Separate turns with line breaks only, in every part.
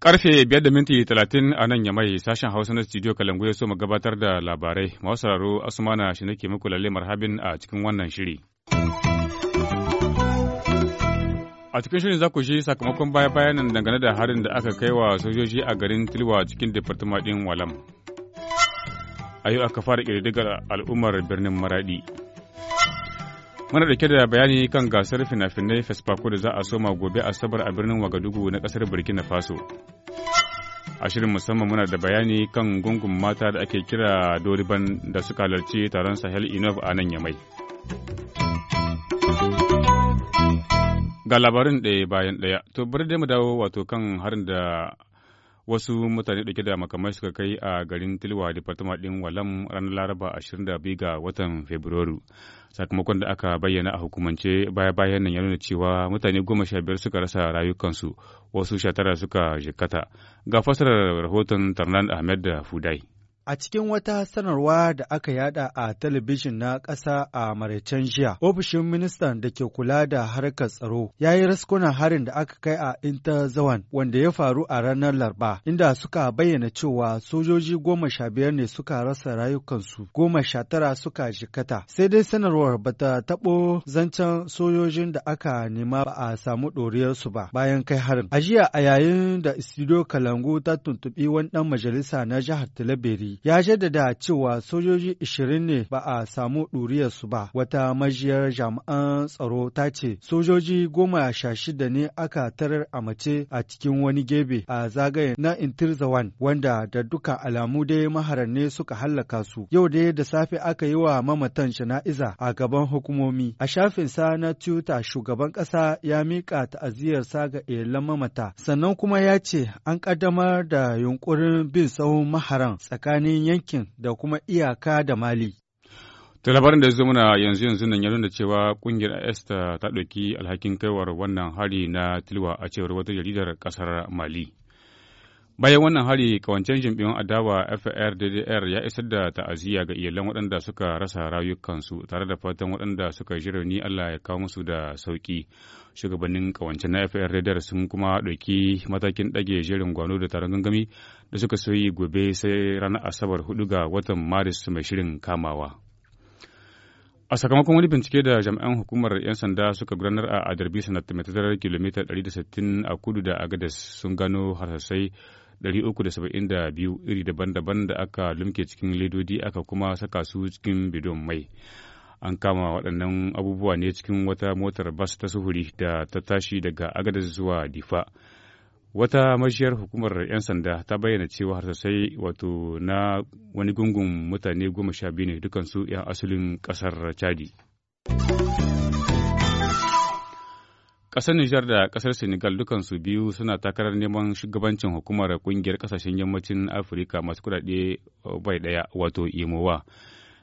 karfe biyar da minti talatin a nan yamai sashen hausa na studio kalangu ya so mu gabatar da labarai masu sauraro asumana shi nake muku lalle marhabin a cikin wannan shiri A cikin shirin za ku shi sakamakon baya-bayanan dangane da harin da aka kai wa sojoji a garin Tilwa cikin Departement ɗin Walam. a yau aka fara ƙididdigar al'ummar birnin Maraɗi. Muna ɗauke da bayani kan gasar fina-finai Fesfako da za a soma gobe Asabar a birnin Wagadugu na ƙasar Burkina Faso. A shirin musamman muna da bayani kan gungun mata da ake kira Doriban da suka halarci taron Sahel Inov a nan Yamai. Ga labarin ɗaya bayan ɗaya, to bari dai mu dawo wato kan harin da wasu mutane dauke da makamai suka kai a garin tilwa departama din walam ranar laraba 22 ga watan fabrairu sakamakon da aka bayyana a hukumance baya bayan nan ya nuna cewa mutane goma sha biyar suka rasa rayukansu wasu sha tara suka jikata ga fasarar rahoton tarnan ahmed da fudai
A cikin wata sanarwa da aka yada a talabijin na ƙasa a maraicen jiya, ofishin ministan da ke kula da harkar tsaro ya yi raskuna harin da aka kai a zawan, wanda ya faru a ranar Larba, inda suka bayyana cewa sojoji goma sha biyar ne suka rasa rayukansu, goma sha tara suka jikata. Sai dai sanarwar ba ta taɓo zancen sojojin da aka nema ba a samu ɗoriyarsu ba bayan kai harin. A jiya a yayin da Istidiyo Kalangu ta tuntuɓi wani ɗan majalisa na jihar Talabiri ya jaddada cewa sojoji ishirin ne ba a samu ɗuriyarsu ba wata majiyar jami'an tsaro ta ce sojoji goma sha shida ne aka tarar a mace a cikin wani gebe a zagaye na intirzawan wanda da duka alamu dai maharan ne suka hallaka su yau dai da safe aka yi wa mamatan jana'iza a gaban hukumomi a shafin sa na tuta shugaban ƙasa ya miƙa ta'aziyarsa ga iyalan mamata sannan kuma ya ce an ƙaddamar da yunƙurin bin sahun maharan tsakanin tsakanin yankin da kuma iyaka da Mali.
ta labarin da zo muna yanzu yanzu nan ya nuna cewa kungiyar esta ta ɗauki alhakin kaiwar wannan hari na tilwa a cewar wata jaridar ƙasar mali bayan wannan hari kawancen jimbiyon adawa FRDDR ya isar da ta'aziyya ga iyalan waɗanda suka rasa rayukansu tare da fatan waɗanda suka ji rauni Allah ya kawo musu da sauki shugabannin kawance na fr radar sun kuma ɗauki matakin ɗage jerin gwano da taron gangami da suka soyi gobe sai ranar asabar 4 ga watan maris mai shirin kamawa a sakamakon wani bincike da jami'an hukumar 'yan sanda suka gudanar a adarbi sanatta mai kilomita 160 a kudu da agadas sun gano harsasai 372 iri daban-daban da aka lumke cikin ledodi aka kuma saka su cikin bidon mai an kama waɗannan abubuwa ne cikin wata motar bas ta sufuri da ta tashi daga agadar zuwa difa wata mashiyar hukumar 'yan sanda ta bayyana cewa har sai wato na wani gungun mutane goma sha biyu ne dukansu 'yan asalin ƙasar chadi. Ƙasar Nijar da ƙasar Senegal dukansu biyu suna takarar neman shugabancin hukumar ƙungiyar ƙasashen yammacin Afirka masu kuɗaɗe bai ɗaya wato imowa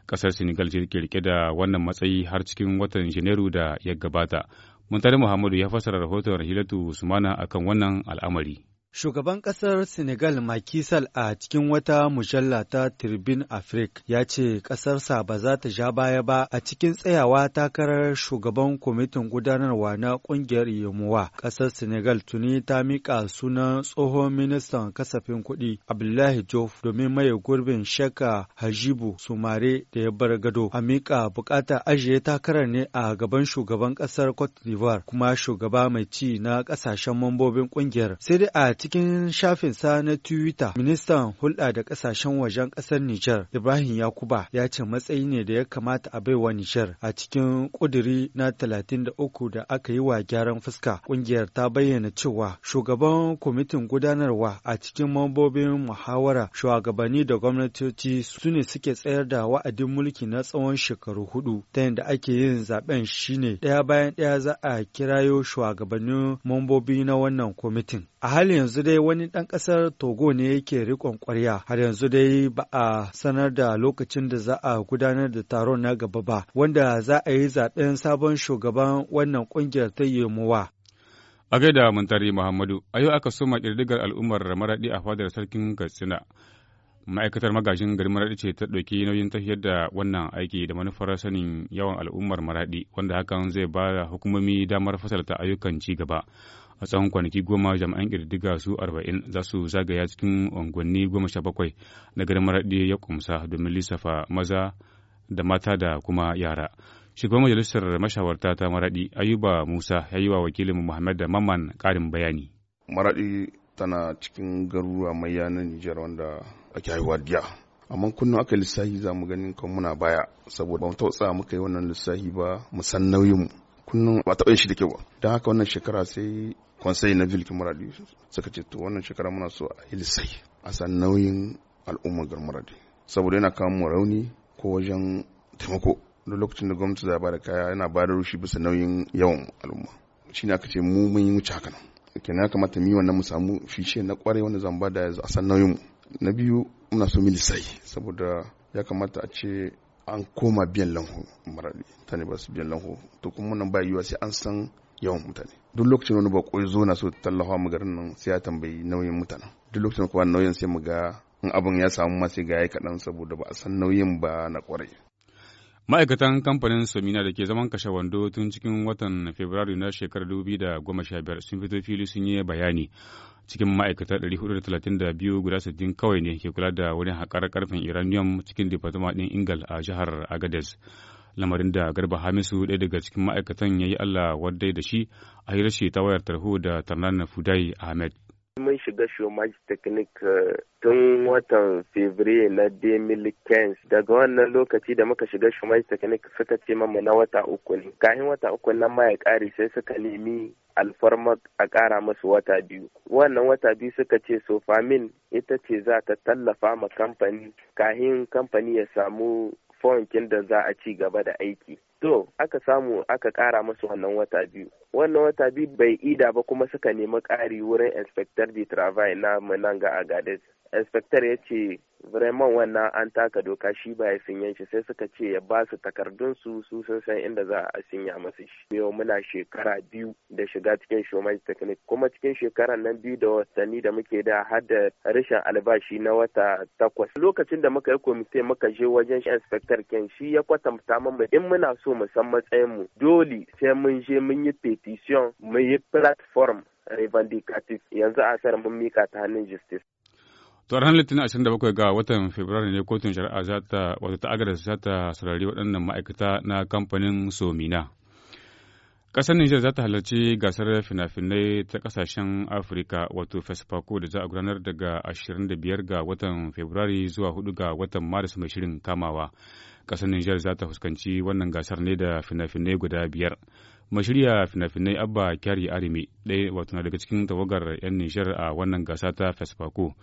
kasar Senegal ce ke rike da wannan matsayi har cikin watan Janairu da ya gabata. Muntari Muhammadu ya fassara rahoton Rahilatu Usmana akan wannan al'amari.
Shugaban ƙasar Senegal Macky Sall a cikin wata mujalla ta Tribune Afrique ya ce ƙasarsa ba za ta ja baya ba a cikin tsayawa takarar shugaban kwamitin gudanarwa na ƙungiyar Yamuwa. Ƙasar Senegal tuni ta miƙa sunan tsohon ministan kasafin kuɗi Abdullahi Jof domin maye gurbin Sheka Hajibu Sumare da ya bar gado. A miƙa buƙata ajiye takarar ne a gaban shugaban ƙasar Cote d'Ivoire kuma shugaba mai ci na ƙasashen mambobin ƙungiyar. Sai dai a cikin shafin sa na Twitter, ministan hulɗa da ƙasashen wajen ƙasar Nijar, Ibrahim Yakuba, ya ce matsayi ne da ya kamata a baiwa Nijar a cikin ƙuduri na 33 da aka yi wa gyaran fuska. Ƙungiyar ta bayyana cewa shugaban kwamitin gudanarwa a cikin mambobin muhawara shugabanni da gwamnatoci su ne suke tsayar da wa'adin mulki na tsawon shekaru hudu ta yadda ake yin zaben shine ɗaya bayan ɗaya za a kirayo shugabannin mambobi na wannan kwamitin. A halin yanzu dai wani ɗan ƙasar Togo ne yake riƙon ƙwarya. Har yanzu dai ba a sanar da lokacin da za a gudanar da taron na gaba ba, wanda za a yi zaɓen sabon shugaban wannan ƙungiyar ta Yemowa.
A gaida Muntari Muhammadu, a yau aka soma ƙirƙirar al'ummar maraɗi a fadar sarkin Katsina. ma'aikatar magajin garin maraɗi ce ta ɗauki nauyin tafiyar da wannan aiki da manufar sanin yawan al'ummar maraɗi wanda hakan zai ba da hukumomi damar fasalta ayyukan ci gaba a tsawon kwanaki goma jami'an ƙirdiga su arba'in za su zagaya cikin unguwanni goma sha bakwai na garin maraɗi ya kumsa domin lissafa maza da mata da kuma yara shugaban majalisar mashawarta ta maraɗi ayuba musa ya yi wa wakilin muhammad da maman ƙarin bayani
maraɗi tana cikin garuruwa mai yanar Nijar wanda ake haihuwa diya. Amma kullum aka lissahi za mu ganin kan muna baya saboda ba mu muka yi wannan lissahi ba mu san nauyinmu. Kullum ba taɓa shi da kyau ba. Don haka wannan shekara sai konsai na Vilki Muradi suka ce to wannan shekara muna so a yi lissahi a san nauyin al'ummar Garmuradi. Saboda yana kawo mu rauni ko wajen taimako. da lokacin da gwamnati za ba da kaya yana bada rushi bisa nauyin yawan al'umma. Shi ne aka ce mu mun yi wuce haka nan. kenan ya kamata mi wannan mu samu fishe na kwarai wanda zan bada a san nauyin na biyu muna so mil sai saboda ya kamata a ce an koma biyan lanho marabi tani ba su biyan lanho to kuma nan ba yiwa sai an san yawan mutane duk lokacin wani bako zo na so tallafa mu garin nan sai ya tambayi nauyin mutanen duk lokacin kuma nauyin sai mu ga in abin ya samu ma sai ga yayi kaɗan saboda ba a san nauyin ba na kwarai
Ma'aikatan kamfanin samina da ke zaman kashe wando tun cikin watan Fabrairu na shekarar 2015 sun fito fili sun yi bayani. Cikin ma'aikata 432 guda 60 kawai ne ke kula da wani haƙar karfin Iranium cikin Departement ɗin Ingal a jihar Agadez. lamarin da garba hamisu ɗaya daga cikin ma'aikatan ya yi allah wadai da shi a yi ta wayar tarho da tarnan fudai ahmed
mun shiga shomaj teknik eh, tun watan fevrier na 2015 daga wannan lokaci da muka shiga shomaj teknik suka ce mamu na wata uku ne kayan wata uku nan ma ya kare sai suka nemi alfarma a kara masu wata biyu wannan wata biyu suka ce sofamin ita ce za ta tallafa ma kamfani kahin kamfani ya samu fonkin da za a ci gaba da aiki To, aka samu aka kara masu wannan wata biyu. Wannan wata biyu bai ida ba kuma suka nemi ƙari wurin inspector de travail na Mananga a Gades. Inspector ya ce vraiment wannan an taka doka shi ba ya sinyan shi sai suka ce ya ba su takardun su su sun san inda za a sinya masu shi yau muna shekara biyu da shiga cikin shomai technique kuma cikin shekaran nan biyu da watanni da muke da har da rashin albashi na wata takwas lokacin da muka yi komite muka je wajen inspector ken shi ya kwatanta mu in muna so mu san matsayin mu dole sai mun je mun yi petition mun yi platform revendicative yanzu a mun mika ta hannun justice
To ranar Litinin 27 ga watan Fabrairu ne kotun shari'a za ta wato ta agada za ta sarari waɗannan ma'aikata na kamfanin Somina. Ƙasar Nijar za ta halarci gasar fina-finai ta ƙasashen Afirka wato Fesfako da za a gudanar daga 25 ga watan Fabrairu zuwa 4 ga watan Maris mai shirin kamawa. Ƙasar Nijar za ta fuskanci wannan gasar ne da fina-finai guda biyar. mashirya fina-finai abba kyari arimi ɗaya wato na daga cikin tawagar 'yan nishar a wannan gasa ta fesfako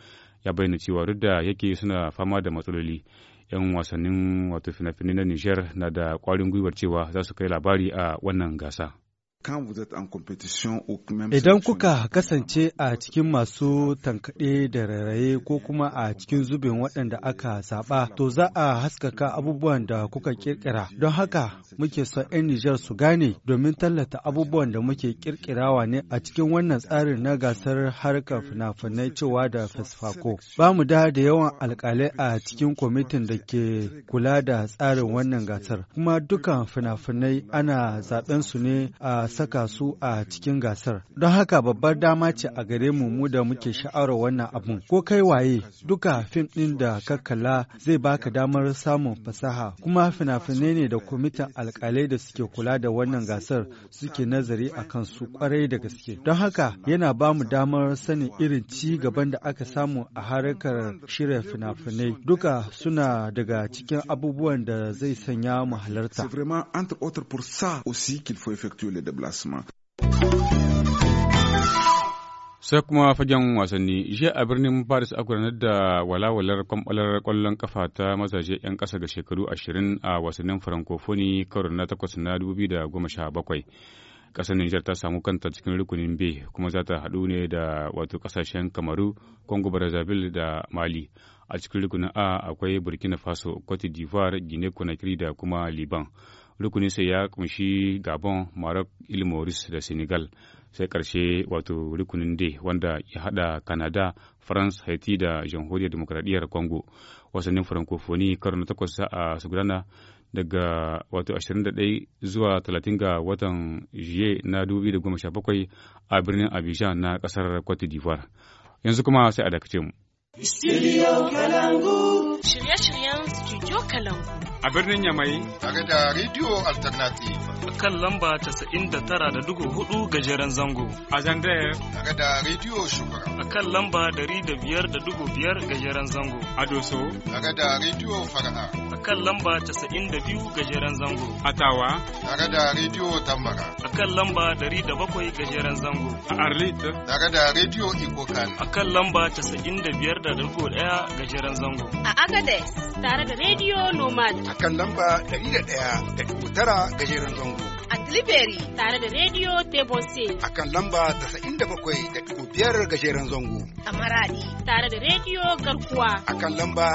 ya bayyana cewa duk da yake suna fama da matsaloli 'yan wasannin wato fina-finai na nishar na da kwarin gwiwar cewa za su kai labari a wannan gasa.
Idan kuka kasance a cikin masu tankaɗe da raraye ko kuma a cikin zubin waɗanda aka saba, to za a haskaka abubuwan da kuka ƙirƙira, Don haka muke son 'yan Nijar su gane domin tallata abubuwan da muke ƙirƙirawa ne a cikin wannan tsarin na gasar harkar fina-finai cewa da fasfako. Ba mu da da yawan alƙalai a cikin kwamitin da ke kula da tsarin wannan gasar, kuma dukan fina-finai ana zaɓen su ne a saka su a cikin gasar. Don haka babbar dama ce a gare mu mu da muke sha'awar wannan abun. Ko kai waye duka fim ɗin da kakkala zai baka damar samun fasaha kuma fina-finai ne da kwamitin alkalai da suke kula da wannan gasar suke nazari a kan su kwarai da gaske. Don haka yana ba mu damar sanin irin ci gaban da aka samu a harkar shirya fina-finai duka suna daga cikin abubuwan da zai sanya mu halarta. entre déplacement.
sai kuma fagen wasanni jiya a birnin paris a gudanar da walawalar kwamfalar kwallon kafa ta mazaje 'yan ƙasa ga shekaru 20 a wasannin francophonie karo na takwas na 2017 ƙasar niger ta samu kanta cikin rukunin b kuma za ta haɗu ne da wato ƙasashen kamaru congo brazzaville da mali a cikin rukunin a akwai burkina faso cote d'ivoire guinea conakry da kuma liban rukunin ya kunshi gabon maroc ilmoris da senegal sai karshe wato rukunin d wanda ya hada canada france haiti da jamhuriyar demokradiyyar congo wasannin francophonie karo na takwas a sugurana daga wato 21 zuwa 30 ga watan juye na 2017 a birnin abidjan na kasar cote d'ivoire yanzu kuma sai a dakace mu
shirye-shiryen studio kalangu
a birnin Yamai.
Tare
da Radio Alternative. kan lamba tara da dugu hudu gajeren zango. A Zandaya. Tare da Radio Shugura. A kan lamba dari da da dugu biyar gajeren
zango. A Doso.
Tare da Radio Fara'a. kan lamba 92 gajeren zango.
A Tawa. Tare da Rediyo
Tambara. A kan lamba 107 gajeren zango. A Arlit. Daga da Rediyo Ikokan. A kan lamba 95 da Dalko ga
gajeren zango.
A Agades. Tare da Rediyo Nomad.
A kan lamba 101 da Dalko ga gajeren zango.
a Tilibiri tare da Radio Tebose. A kan lamba
bakwai da ga gajeren zango.
A Maradi tare da Radio Garkuwa.
A kan lamba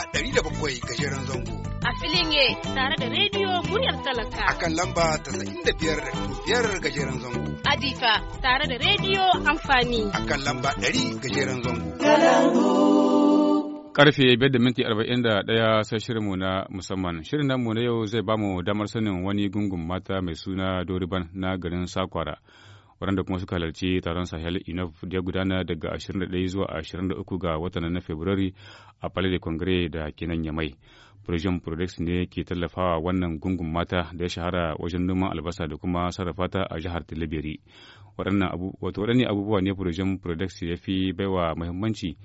bakwai gajeren zango.
a filin ye tare da rediyo muryar talaka a kan
lamba ta da biyar biyar gajeren zango
adifa tare da rediyo amfani a kan lamba dari gajeren zango
karfe biyar da minti arba'in da ɗaya sai shirinmu na musamman shirin namu na yau zai bamu damar sanin wani gungun mata mai suna doriban na garin sakwara waɗanda kuma suka halarci taron sahel inov da ya gudana daga 21 zuwa 23 ga watan na fabrairu a palais de congrès da kenan yamai Projem Prodex ne ke tallafawa wannan gungun mata da ya shahara wajen noman albasa da kuma sarrafata a jihar Wato Waɗanne abubuwa ne Projem Prodex ya fi baiwa muhimmanci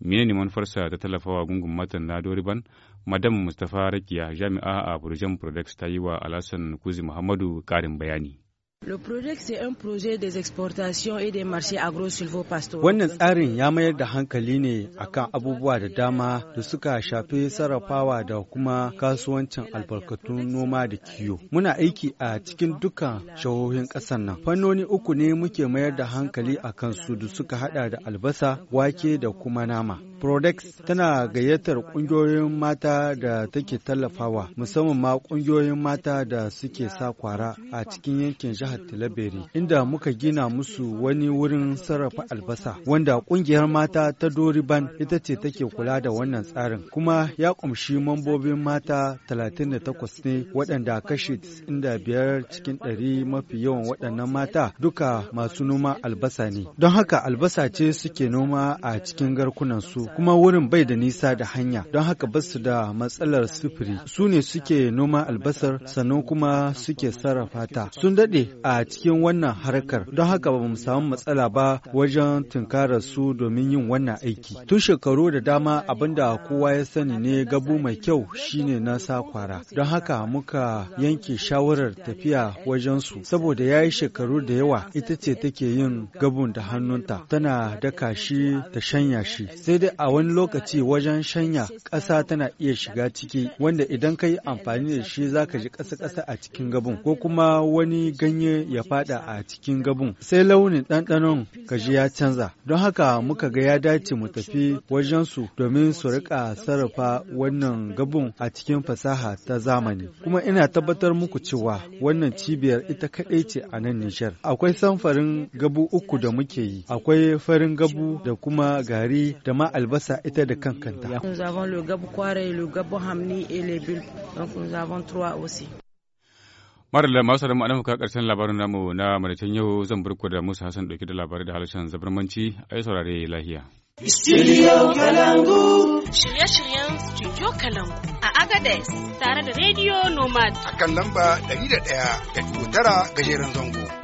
mene ne manufarsa ta tallafawa gungun matan na Doriban? Madam Mustapha Rakiya jami'a a Projem Prodex ta yi wa
Alhassan Kuzi Muhammadu ƙarin bayani.
Le project c'est un projet des exportations et des marchés agrosilvopastoraux. Wannan
tsarin ya mayar da hankali ne akan abubuwa da dama da suka shafi sarrafawa da kuma kasuwancin albarkatun noma da kiwo. Muna aiki a cikin dukkan shahohin ƙasar nan. Fannoni uku ne muke mayar da hankali akan su da suka hada da albasa, wake da kuma nama. Prodex tana gayyatar ƙungiyoyin mata da take tallafawa, musamman ma ƙungiyoyin mata da suke sa kwara a cikin yankin jihar Talabere, inda muka gina musu wani wurin sarrafa albasa, wanda ƙungiyar mata ta Doriban ita ce take kula da wannan tsarin, kuma ya ƙumshi mambobin mata 38 ne waɗanda kashi 95 cikin 100 mafi yawan waɗannan mata duka masu noma albasa ne. Don haka albasa ce suke noma a cikin garkunansu kuma wurin bai da nisa da hanya don haka ba su da matsalar sufuri su ne suke noma albasar sannan kuma suke sarrafa ta sun daɗe a cikin wannan harkar don haka ba mu samu matsala ba wajen tunkarar su domin yin wannan aiki tun shekaru da dama abinda kowa ya sani ne gabu mai kyau shine na sakwara don haka muka yanke shawarar tafiya wajen su saboda ya yi shekaru da yawa ita ce take yin gabun da hannunta tana daka shi ta shanya shi sai dai a wani lokaci wajen shanya ƙasa tana iya shiga ciki wanda idan ka yi amfani da shi za ka ji ƙasa-ƙasa a cikin gabon ko kuma wani ganye ya fada a cikin gabon sai launin ɗanɗanon kaji ya canza don haka muka ga ya dace mu tafi wajensu domin su rika sarrafa wannan gabon a cikin fasaha ta zamani kuma ina tabbatar muku cewa wannan cibiyar ita kaɗai ce a nan nishar akwai samfarin gabu uku da muke yi akwai farin gabu da kuma gari da ma albasa ita da kankanta.
Nous gabu kware, gabu
masu da ma'ana muka karshen labarin namu na maraicen yau zan burku da Musa Hassan dauke da labarai da halashen zabarmanci a yi saurare lahiya.
Studio Kalangu. Shirye-shiryen Studio Kalangu a Agadez tare da Radio Nomad. A
kan lamba da ga gajeren zango.